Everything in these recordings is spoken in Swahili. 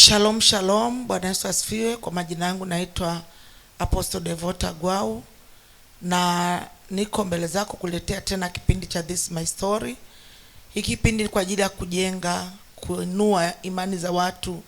Shalom shalom, Bwana Yesu asifiwe. Kwa majina yangu naitwa Apostle Devota Gwau na niko mbele zako kuletea tena kipindi cha This My Story. Hiki kipindi kwa ajili ya kujenga, kuinua imani za watu,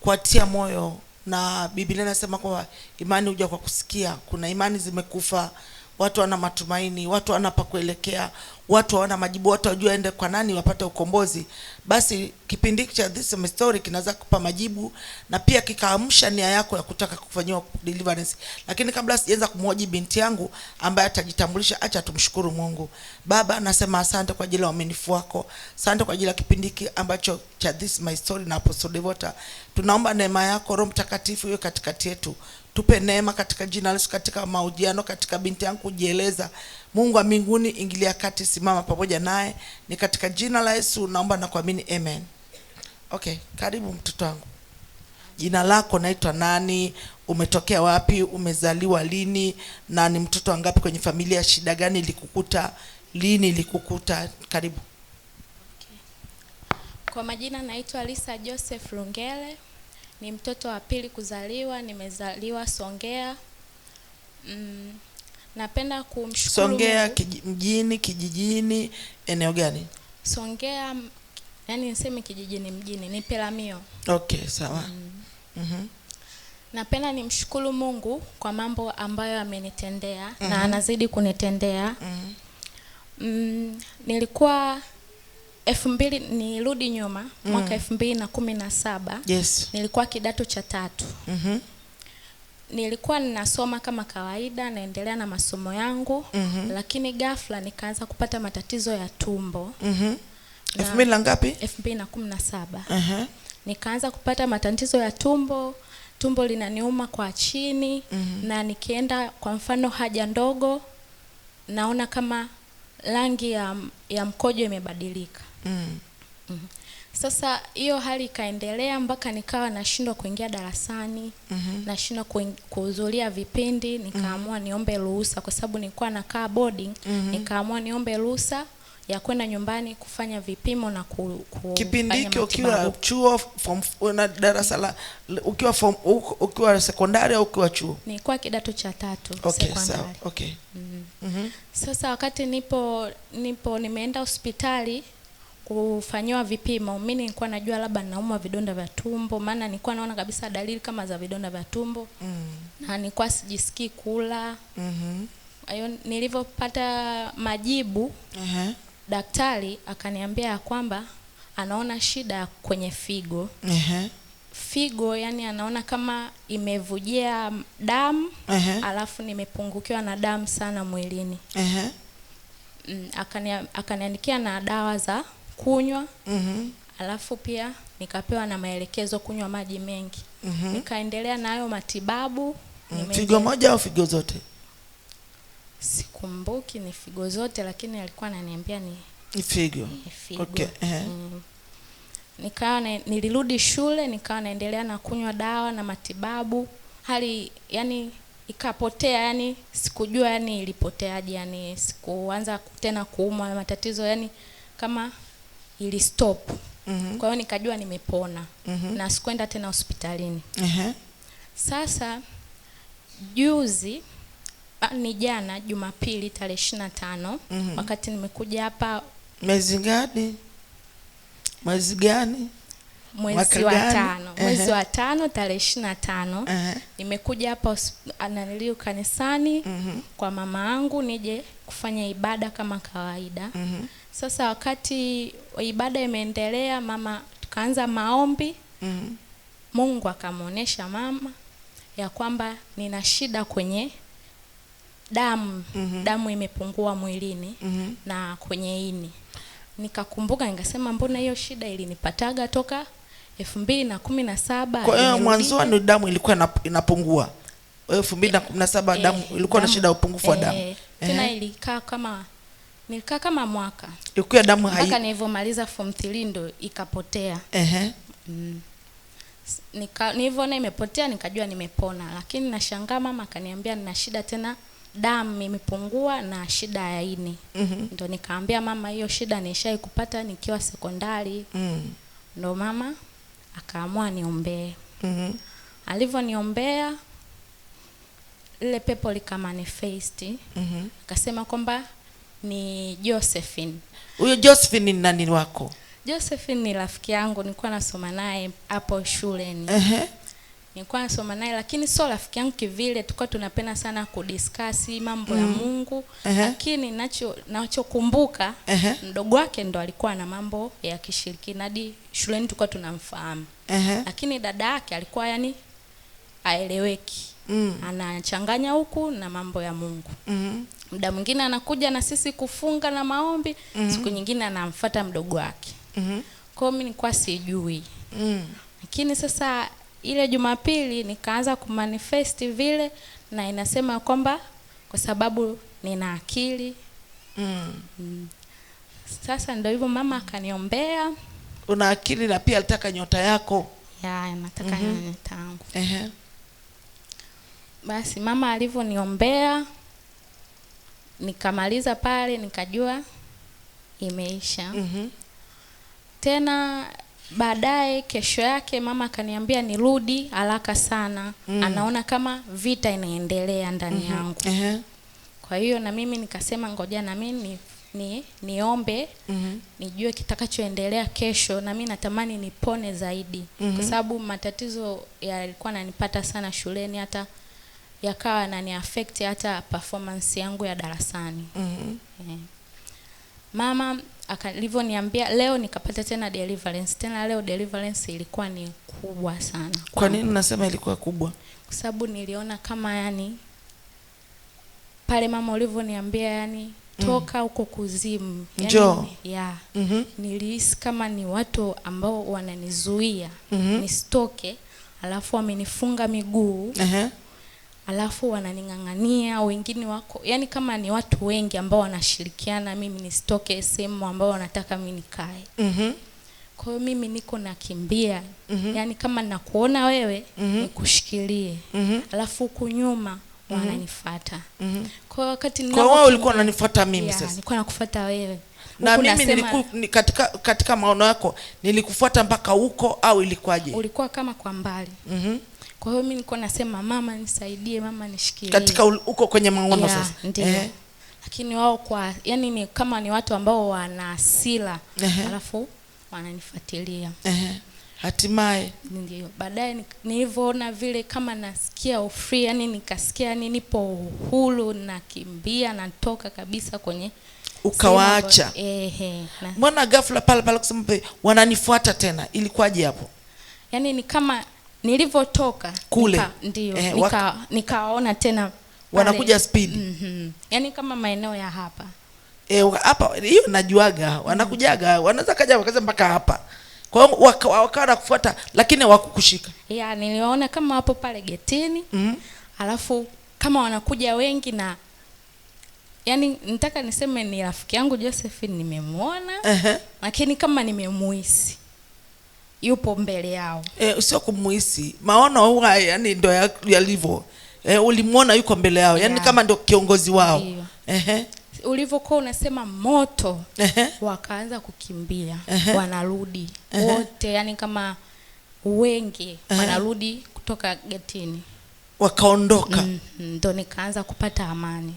kuatia moyo, na Biblia inasema kwamba imani huja kwa kusikia. Kuna imani zimekufa, watu wana matumaini, watu wana pa kuelekea, watu waona majibu, watu wajua aende kwa nani wapate ukombozi, basi kipindi cha This Story kinaweza kupa majibu na pia kikaamsha nia yako ya kutaka kufanyiwa deliverance. Lakini kabla sijaanza kumhoji binti yangu ambaye atajitambulisha, acha tumshukuru Mungu. Baba, nasema asante kwa ajili ya uaminifu wako, asante kwa ajili ya kipindi ambacho cha This My Story na Apostle Devota. Tunaomba neema yako Roho Mtakatifu iwe katikati yetu tupe neema katika jina Yesu, katika mahojiano, katika binti yangu kujieleza. Mungu wa mbinguni, ingilia kati, simama pamoja naye, ni katika jina la Yesu naomba na kuamini, amen. Okay, karibu mtoto wangu, jina lako naitwa nani? Umetokea wapi? Umezaliwa lini? na ni mtoto wangapi kwenye familia? Shida gani ilikukuta? Lini ilikukuta? Karibu. Okay. Kwa majina naitwa Lisa Joseph Lungele. Ni mtoto wa pili kuzaliwa, nimezaliwa Songea. Mm, napenda kumshukuru Songea kij, mjini, kijijini, eneo gani? Songea yani niseme kijijini, mjini ni Pelamio. Okay, sawa. Mm. Mm -hmm. Napenda nimshukuru Mungu kwa mambo ambayo amenitendea mm -hmm. na mm-hmm. anazidi kunitendea. Mm -hmm. Mm, nilikuwa elfu mbili nirudi nyuma mm. mwaka elfu mbili na kumi na saba yes. nilikuwa kidato cha tatu mm -hmm. nilikuwa ninasoma kama kawaida, naendelea na masomo yangu mm -hmm. lakini ghafla nikaanza kupata matatizo ya tumbo mm -hmm. elfu mbili na ngapi? elfu mbili na kumi na saba uh -huh. nikaanza kupata matatizo ya tumbo tumbo linaniuma kwa chini mm -hmm. na nikienda kwa mfano haja ndogo naona kama rangi ya, ya mkojo imebadilika mm. Mm Sasa hiyo hali ikaendelea mpaka nikawa nashindwa kuingia darasani mm -hmm. nashindwa kuhudhuria vipindi nikaamua mm -hmm. niombe ruhusa kwa sababu nilikuwa nakaa boarding mm -hmm. nikaamua niombe ruhusa ya kwenda nyumbani kufanya vipimo na ku, ku kipindi hicho ukiwa chuo form na darasa la ukiwa form ukiwa sekondari au ukiwa chuo? Nilikuwa kidato cha tatu okay, sekondari. Sawa. Okay. Mm -hmm. Mm -hmm. Sasa wakati nipo nipo nimeenda hospitali kufanyiwa vipimo. Mimi nilikuwa najua labda naumwa vidonda vya tumbo, maana nilikuwa naona kabisa dalili kama za vidonda vya tumbo mm. na nilikuwa sijisikii kula mm hiyo -hmm. Nilivyopata majibu uh -huh. daktari akaniambia ya kwamba anaona shida kwenye figo uh -huh. Figo yani anaona kama imevujia damu uh -huh. alafu nimepungukiwa na damu sana mwilini uh -huh. mm, akaniandikia na dawa za kunywa mm -hmm. alafu pia nikapewa na maelekezo kunywa maji mengi mm -hmm. nikaendelea na hayo matibabu mm. figo moja au figo zote sikumbuki ni figo zote lakini alikuwa ananiambia ni ni figo, Okay. Eh. Mm-hmm. nikawa na, nilirudi shule nikawa naendelea na kunywa dawa na matibabu hali yani ikapotea yani sikujua yani ilipoteaje yani sikuanza tena kuumwa matatizo yani kama ili stop. Mm -hmm. Kwa hiyo nikajua nimepona. Mm -hmm. Na sikwenda tena hospitalini. Uh -huh. Sasa juzi ni jana Jumapili tarehe ishirina tano. Mm -hmm. Wakati nimekuja hapa mwezi gani? Mwezi gani? Mwezi wa tano. Mwezi wa tano tarehe tano uh tano nimekuja hapa naniliu kanisani. uh-huh. Kwa mama angu nije kufanya ibada kama kawaida. mm -hmm. Sasa wakati ibada imeendelea, mama tukaanza maombi. mm -hmm. Mungu akamwonyesha mama ya kwamba nina shida kwenye damu. mm -hmm. Damu imepungua mwilini mm -hmm. na kwenye ini. Nikakumbuka nikasema, mbona hiyo shida ilinipataga toka elfu mbili na kumi na saba. Kwa hiyo mwanzoni damu ilikuwa inapungua elfu mbili na kumi na saba eh, damu ilikuwa na shida ya upungufu wa damu eh, tena, eh. ilikaa kama nilikaa kama mwaka, ilikuwa damu hai mpaka nilivyomaliza form 3 ndo ikapotea. Ehe, mm. Nika nilivyoona imepotea nikajua nimepona, lakini nashangaa mama akaniambia nina shida tena damu imepungua na shida ya ini. mm -hmm. Ndo nikaambia mama, hiyo shida nishai kupata nikiwa sekondari. mm. Ndo mama akaamua niombee. mm -hmm. Alivyoniombea lile pepo likamanifesti mm -hmm. kwamba ni Josephine. Huyo Josephine ni nani wako? Josephine ni rafiki yangu, nilikuwa nasoma naye hapo shuleni uh -huh. nilikuwa nasoma naye lakini sio rafiki yangu kivile, tulikuwa tunapenda sana kudiskasi mambo mm. ya Mungu uh -huh. lakini nacho nachokumbuka uh -huh. mdogo wake ndo alikuwa na mambo ya kishirikina, hadi shuleni tulikuwa tunamfahamu uh -huh. lakini dada yake alikuwa yani aeleweki mm. anachanganya huku na mambo ya Mungu mm. muda mwingine anakuja na sisi kufunga na maombi mm. siku nyingine anamfuata mdogo wake mm. kwa hiyo mimi nilikuwa sijui mm. lakini sasa ile Jumapili nikaanza kumanifest vile, na inasema kwamba kwa sababu nina akili mm. Mm. Sasa ndio hivyo, mama akaniombea, una akili na pia alitaka nyota yako ya, nataka mm -hmm. nyota yangu. Ehe. Basi mama alivyoniombea nikamaliza pale, nikajua imeisha. mm -hmm. Tena baadaye, kesho yake mama akaniambia nirudi haraka sana. mm -hmm. Anaona kama vita inaendelea ndani mm -hmm. yangu. uh -huh. Kwa hiyo na mimi nikasema ngoja na mimi ni, ni, niombe mm -hmm. nijue kitakachoendelea kesho, na mimi natamani nipone zaidi mm -hmm. kwa sababu matatizo yalikuwa yananipata sana shuleni hata yakawa yanani affect hata performance yangu ya darasani. mm -hmm. yeah. Mama alivyoniambia leo, nikapata tena deliverance tena. Leo deliverance ilikuwa ni kubwa sana. Kwa nini nasema ilikuwa kubwa? Kwa sababu niliona kama yani pale mama ulivyoniambia yani toka mm. huko kuzimu yani, yeah. mm -hmm. Nilihisi kama ni watu ambao wananizuia mm -hmm. nisitoke, alafu wamenifunga miguu uh -huh alafu wananing'ang'ania, wengine wako yani, kama ni watu wengi ambao wanashirikiana, mimi nisitoke sehemu ambao wanataka mimi nikae. mm -hmm. Kwa hiyo mimi niko nakimbia. mm -hmm. Yani kama nakuona wewe mm -hmm. nikushikilie. mm -hmm. alafu huku nyuma mm-hmm. wananifuata. mm -hmm. Kwa wakati ninapo, wao ulikuwa unanifuata mimi yeah, sasa nilikuwa nakufuata wewe na Uku mimi niliku, ni katika, katika maono yako nilikufuata mpaka huko au ilikuwaje? Ulikuwa kama kwa mbali. mm -hmm. Kwa hiyo mimi nilikuwa nasema mama nisaidie, mama nishikilie. Katika uko kwenye maono yeah, sasa. Ndiyo. Eh. Lakini wao kwa yani ni kama ni watu ambao wana asila eh. Alafu wananifuatilia. Eh. Hatimaye ndio baadaye nilivyoona vile kama nasikia ufri yani nikasikia yani nipo huru, nakimbia natoka kabisa kwenye ukawaacha. Ehe, mbona ghafla pale pale kusema wananifuata tena, ilikuwaje hapo? Yani ni kama nilivyotoka kule ndio eh, nika, nikaona tena pale. Wanakuja speed mm -hmm. Yaani kama maeneo ya hapa eh, hapa hiyo najuaga, wanakujaga wanaweza kaja wakaza mpaka hapa kwa hiyo wakawa wanakufuata lakini hawakukushika. Yeah, niliwaona kama wapo pale getini. Mm -hmm. Alafu kama wanakuja wengi na yaani nitaka niseme ni rafiki yangu Josephine nimemwona. Uh -huh. Lakini kama nimemuisi yupo mbele yao. E, sio kumuhisi. Maono huwa yani ndo yalivo Ya e, ulimwona yuko mbele yao yani ya. Kama ndo kiongozi wao ehe ulivyokuwa unasema moto ehe. Wakaanza kukimbia ehe. Wanarudi ehe. Wote yani kama wengi ehe. Wanarudi kutoka getini wakaondoka, ndo mm, nikaanza kupata amani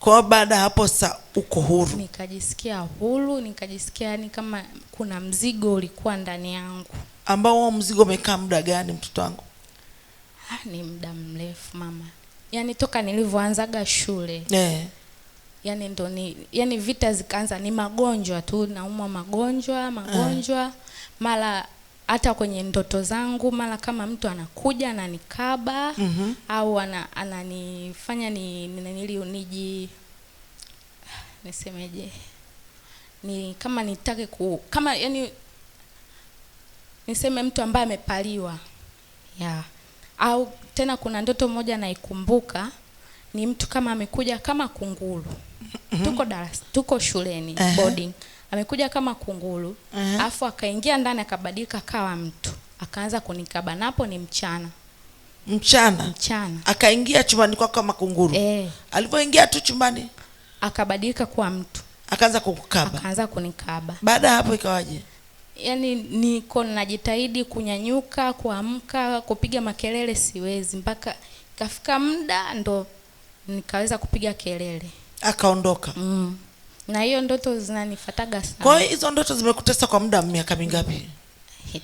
kwa baada ya hapo sa uko huru. Nikajisikia huru, nikajisikia yani kama kuna mzigo ulikuwa ndani yangu. Ambao huo mzigo umekaa muda gani mtoto wangu? Ah, ni muda mrefu mama. Yaani toka nilivyoanzaga shule. Eh. Yaani ndo ni yani vita zikaanza, ni magonjwa tu, naumwa magonjwa, magonjwa. Eh. Mara hata kwenye ndoto zangu, mara kama mtu anakuja ananikaba mm -hmm. au ana, ananifanya ni nili niji nisemeje, ni kama nitake ku kama yani niseme mtu ambaye amepaliwa yeah. Au tena kuna ndoto moja naikumbuka, ni mtu kama amekuja kama kunguru mm -hmm. tuko darasa, tuko shuleni uh -huh. boarding amekuja kama kunguru uh -huh. akaingia ndani akabadilika kawa mtu akaanza kunikaba napo ni mchana mchana mchana akaingia chumbani kwa kama kunguru e. Eh. alivyoingia tu chumbani akabadilika kuwa mtu akaanza kukukaba akaanza kunikaba baada ya hapo ikawaje yaani niko najitahidi kunyanyuka kuamka kupiga makelele siwezi mpaka ikafika muda ndo nikaweza kupiga kelele akaondoka mm na hiyo ndoto zinanifataga sana. Kwa hizo ndoto zimekutesa kwa muda miaka mingapi?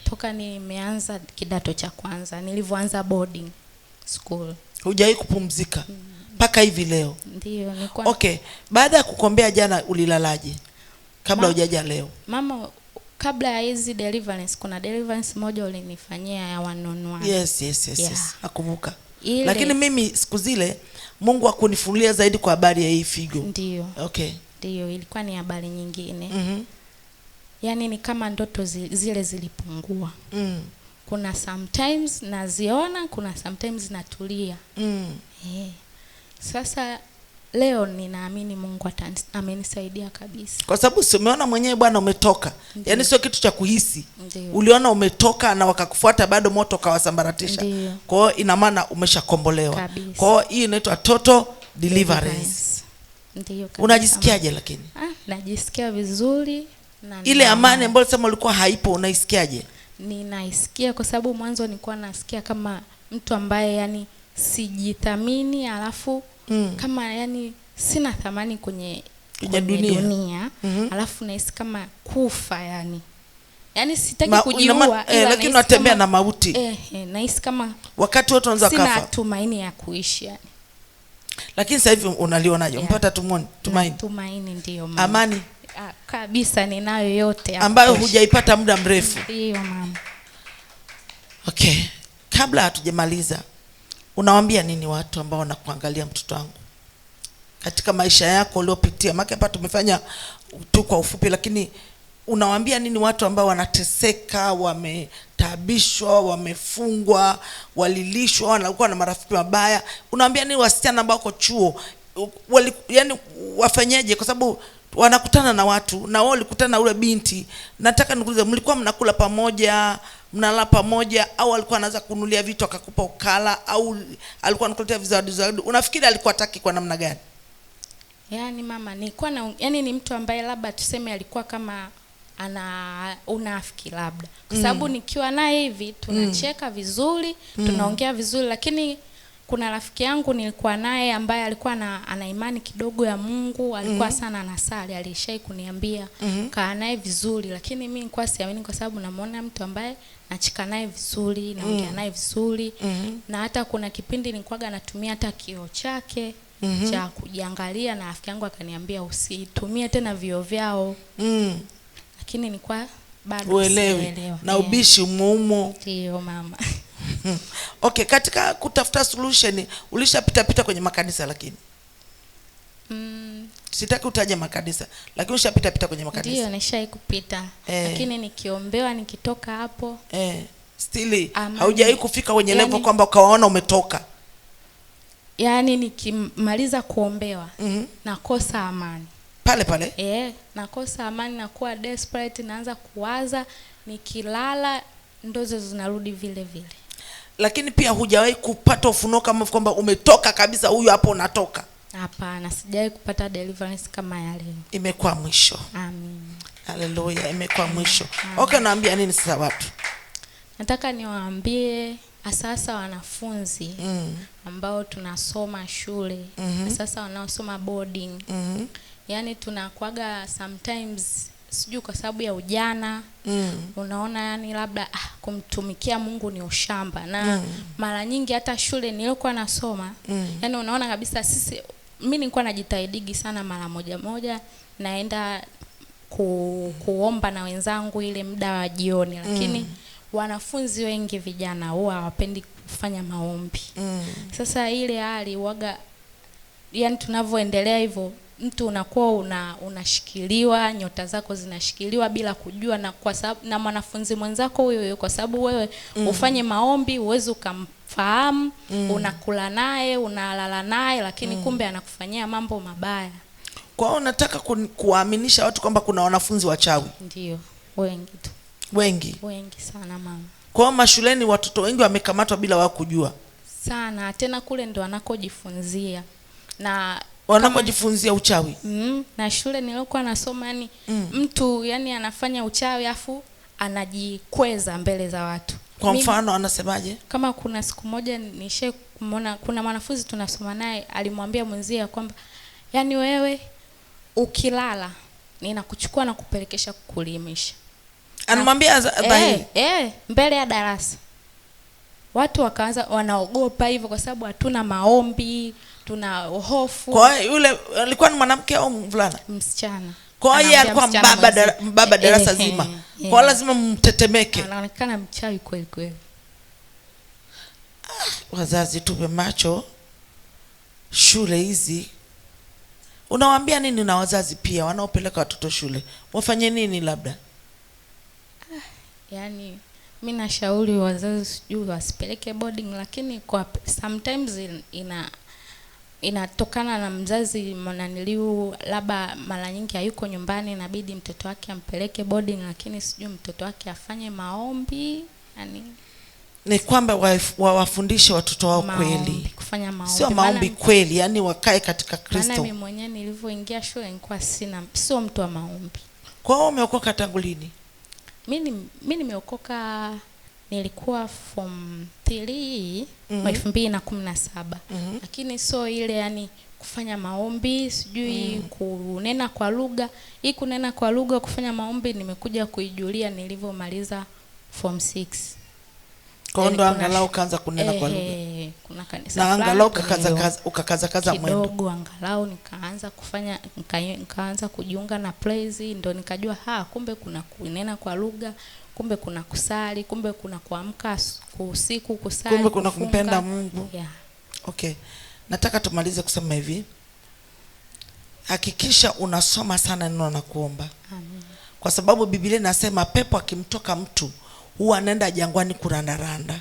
Toka nimeanza kidato cha kwanza nilivyoanza boarding school. Hujawahi kupumzika mpaka mm. hivi leo? Ndio, nikuwa... Okay, baada ya kukombea jana ulilalaje? Kabla hujaja leo. Mama kabla ya hizi deliverance kuna deliverance moja ulinifanyia ya wanonwa Yes, yes, yes, yeah. yes. Nakumbuka. Lakini mimi siku zile Mungu akunifunulia zaidi kwa habari ya hii figo. Ndio. Okay hiyo ilikuwa ni habari nyingine mm -hmm. Yaani ni kama ndoto zile zilipungua mm. Kuna sometimes naziona, kuna sometimes natulia mm. E. Sasa leo ninaamini Mungu amenisaidia kabisa, kwa sababu si umeona mwenyewe bwana, umetoka yaani Yani sio kitu cha kuhisi Ndiyo. Uliona umetoka na wakakufuata bado, moto ukawasambaratisha. Kwa hiyo ina maana umeshakombolewa. Kwa hiyo hii inaitwa total deliverance. Ndiyo, unajisikiaje? Lakini ah, najisikia vizuri na ile amani ambayo sema ulikuwa haipo unaisikiaje? Ninaisikia kwa sababu mwanzo nilikuwa nasikia kama mtu ambaye yani sijithamini, alafu mm. kama yani sina thamani kwenye kwenye dunia, dunia. Mm -hmm. Alafu nahisi kama kufa yani yani sitaki Ma, kujiua eh, lakini unatembea na mauti eh, eh, nahisi kama wakati wote unaanza kufa, sina tumaini ya kuishi yani lakini sasa hivi unalionaje? Yeah. Mpata tumoni, tumaini. Tumaini ndio mama. Amani. A, ah, kabisa ninayo yote ambayo hujaipata muda mrefu. Ndio mama. Okay. Kabla hatujamaliza unawambia nini watu ambao wanakuangalia mtoto wangu? Katika maisha yako uliopitia, maana hapa tumefanya tu kwa ufupi lakini unawaambia nini watu ambao wanateseka, wametaabishwa, wamefungwa, walilishwa, wanakuwa na marafiki mabaya? unawambia nini wasichana ambao wako chuo wali, yani wafanyeje? Kwa sababu wanakutana na watu na wao walikutana na ule binti. Nataka nikuulize, mlikuwa mnakula pamoja, mnalala pamoja, au alikuwa anaweza kunulia vitu akakupa ukala, au alikuwa anakuletea vizawadi zawadi? Unafikiri alikuwa ataki kwa namna gani? Yani mama, nilikuwa na yani, ni mtu ambaye labda tuseme alikuwa kama ana unafiki labda, kwa sababu mm. nikiwa naye hivi tunacheka mm. vizuri mm. tunaongea vizuri, lakini kuna rafiki yangu nilikuwa naye ambaye alikuwa na, ana imani kidogo ya Mungu, alikuwa mm. sana anasali, alishai kuniambia mm. kaa naye vizuri, lakini mimi nilikuwa siamini kwa sababu namuona mtu ambaye nachika naye vizuri, naongea mm. naye vizuri mm. na hata kuna kipindi nilikuwaga natumia hata kioo chake mm -hmm. cha kujiangalia, na rafiki yangu akaniambia usitumie tena vioo vyao mm lakini nilikuwa bado uelewi na ubishi umuumo. Ndio mama. Okay, katika kutafuta solution ulishapita pita kwenye makanisa lakini mm. Sitaki utaje makanisa lakini ushapita pita kwenye makanisa. Ndio, nishai kupita eh. Lakini nikiombewa nikitoka hapo eh. Stili haujawahi kufika kwenye yani, level kwamba ukawaona umetoka. yani nikimaliza kuombewa mm -hmm. nakosa amani pale pale yeah, nakosa amani, nakuwa desperate, naanza kuwaza, nikilala ndozo zinarudi vile vile. Lakini pia hujawahi kupata ufunuo kama kwamba umetoka kabisa, huyu hapo unatoka? Hapana, sijawahi kupata deliverance kama yale Imekuwa mwisho. Amen, haleluya, imekuwa mwisho. Okay, naambia nini sasa watu? Nataka niwaambie Asasa wanafunzi mm. ambao tunasoma shule mm mm-hmm. -hmm. Asasa wanaosoma boarding mm -hmm. Yani tunakwaga sometimes sijui kwa sababu ya ujana mm. Unaona, yani labda ah, kumtumikia Mungu ni ushamba na mm. mara nyingi hata shule nilikuwa nasoma mm. yani unaona kabisa sisi, mi nilikuwa najitahidigi sana, mara moja moja naenda ku, kuomba na wenzangu ile muda wa jioni, lakini mm wanafunzi wengi vijana huwa hawapendi kufanya maombi mm. Sasa ile hali waga, yani tunavyoendelea hivyo mtu unakuwa una, unashikiliwa nyota zako zinashikiliwa bila kujua, na kwa sababu na mwanafunzi mwenzako huyo huyo, kwa sababu wewe mm. ufanye maombi uweze ukamfahamu mm. unakula naye unalala naye lakini mm. kumbe anakufanyia mambo mabaya. Kwa hiyo nataka kuwaaminisha watu kwamba kuna wanafunzi wachawi, ndio wengi tu wengi wengi sana mama. Kwa mashuleni watoto wengi wamekamatwa bila wao kujua sana, tena kule ndo wanakojifunzia na wanakojifunzia uchawi mm, na shule niliokuwa nasoma yani mm. mtu yani anafanya uchawi afu anajikweza mbele za watu. Kwa mfano anasemaje? Kama kuna siku moja nishe kumona, kuna mwanafunzi tunasoma naye alimwambia mwenzie ya kwamba yani, wewe ukilala ninakuchukua na kupelekesha kukulimisha anamwambia dhahiri eh, eh, mbele ya darasa watu wakaanza wanaogopa hivyo kwa sababu hatuna maombi tuna hofu kwa yule alikuwa ni mwanamke au mvulana msichana kwa hiyo alikuwa mbaba dara, mbaba darasa eh, zima eh, kwa lazima mtetemeke anaonekana mchawi kweli kweli ah, wazazi tupe macho shule hizi unawaambia nini na wazazi pia wanaopeleka watoto shule wafanye nini labda yani mi nashauri wazazi sijui wasipeleke boarding, lakini kwa sometimes ina inatokana na mzazi mwananiliu, labda mara nyingi hayuko nyumbani, inabidi mtoto wake ampeleke boarding, lakini sijui mtoto wake afanye maombi yani ni kwamba wawafundishe wa watoto wao kweli, kufanya maombi, sio maombi kweli, yani wakae katika Kristo. mimi mwenyewe nilivyoingia shule nilikuwa sina, sio mtu wa maombi. Kwa hiyo umeokoka tangu lini? mi nimeokoka nilikuwa form 3 mm elfu -hmm. mbili na kumi na saba mm -hmm. lakini so ile yani kufanya maombi sijui mm. kunena kwa lugha hii kunena kwa lugha kufanya maombi nimekuja kuijulia nilivyomaliza form 6 kwa ndo eh, angalau ukaanza kunena kwa lugha. Eh, na angalau ukakaza ukakaza kaza mwendo. Kidogo angalau nikaanza kufanya nikaanza kujiunga na praise ndo nikajua ha kumbe kuna kunena kwa lugha, kumbe kuna kusali, kumbe kuna kuamka usiku kusali. Kumbe kuna kufunga, kumpenda Mungu. Yeah. Okay. Nataka tumalize kusema hivi. Hakikisha unasoma sana neno na kuomba. Amen. Kwa sababu Biblia inasema pepo akimtoka mtu huwa anaenda jangwani kurandaranda.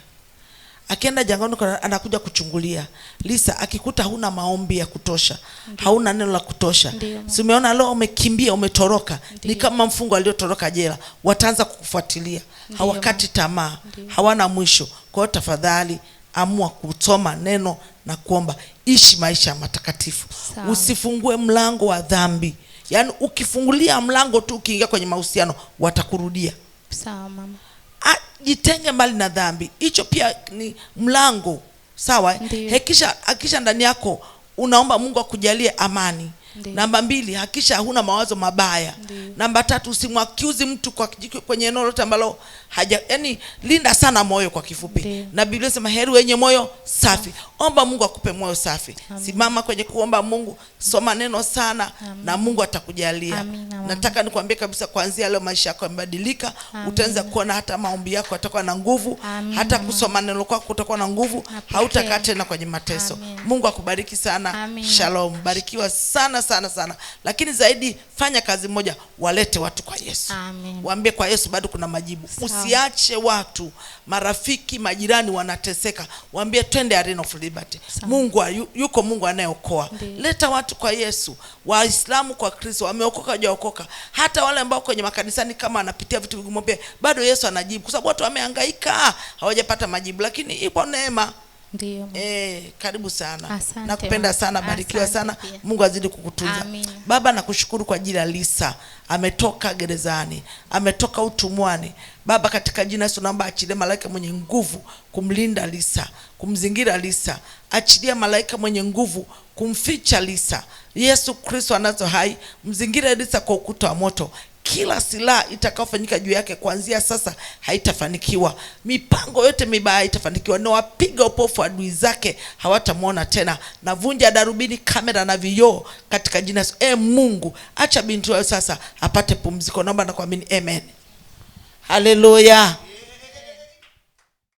Akienda jangwani anakuja kuchungulia. Lisa akikuta huna maombi ya kutosha, Ndiyo. hauna neno la kutosha, si umeona leo umekimbia, umetoroka. Ni kama mfungo aliyotoroka jela, wataanza kukufuatilia. Hawakati tamaa, hawana mwisho. Kwa hiyo tafadhali amua kusoma neno na kuomba, ishi maisha ya matakatifu, usifungue mlango wa dhambi. Yaani ukifungulia mlango tu, ukiingia kwenye mahusiano watakurudia. Sawa mama jitenge mbali na dhambi. Hicho pia ni mlango sawa. Hakisha hakisha ndani yako unaomba Mungu akujalie amani. Ndiyo. Namba mbili, hakisha huna mawazo mabaya. Ndiyo. Namba tatu, usimwakiuzi mtu kwa kwenye eneo lote ambalo haja, yani linda sana moyo kwa kifupi. Ndiyo. Na Biblia sema heri wenye moyo safi omba Mungu akupe moyo safi. Amin. Simama kwenye kuomba Mungu, soma neno sana. Amin. na Mungu atakujalia. Amin. Nataka nikwambie kabisa, kuanzia leo maisha yako yamebadilika. Utaanza kuona hata maombi yako atakuwa na nguvu. Amin. hata kusoma neno kwako kutakuwa na nguvu, hautakaa tena kwenye mateso. Amin. Mungu akubariki sana. Amin. Shalom, barikiwa sana sana sana, lakini zaidi fanya kazi moja, walete watu kwa Yesu. Amin. Waambie kwa Yesu bado kuna majibu. Sao. Usiache watu, marafiki, majirani wanateseka, waambie twende Arena of Living liberty Sama. Mungu wa, yuko Mungu anayeokoa. Leta watu kwa Yesu, Waislamu kwa Kristo, wameokoka wajaokoka hata wale ambao kwenye makanisani kama anapitia vitu vigumu, bado Yesu anajibu, kwa sababu watu wamehangaika hawajapata majibu, lakini ipo neema. Ndiyo. Eh, karibu sana. Asante, nakupenda sana, barikiwa sana pia. Mungu azidi kukutunza. Amina. Baba nakushukuru kwa ajili ya Lisa. Ametoka gerezani, ametoka utumwani. Baba katika jina Yesu naomba achilie malaika mwenye nguvu kumlinda Lisa, kumzingira Lisa. Achilia malaika mwenye nguvu kumficha Lisa. Yesu Kristo anazo hai, mzingire Lisa kwa ukuta wa moto kila silaha itakayofanyika juu yake kuanzia sasa haitafanikiwa. Mipango yote mibaya haitafanikiwa. Na wapiga upofu adui zake hawatamwona tena. Navunja darubini, kamera na vioo katika jina E Mungu, acha binti wayo sasa apate pumziko. Naomba na kuamini, amen. Haleluya.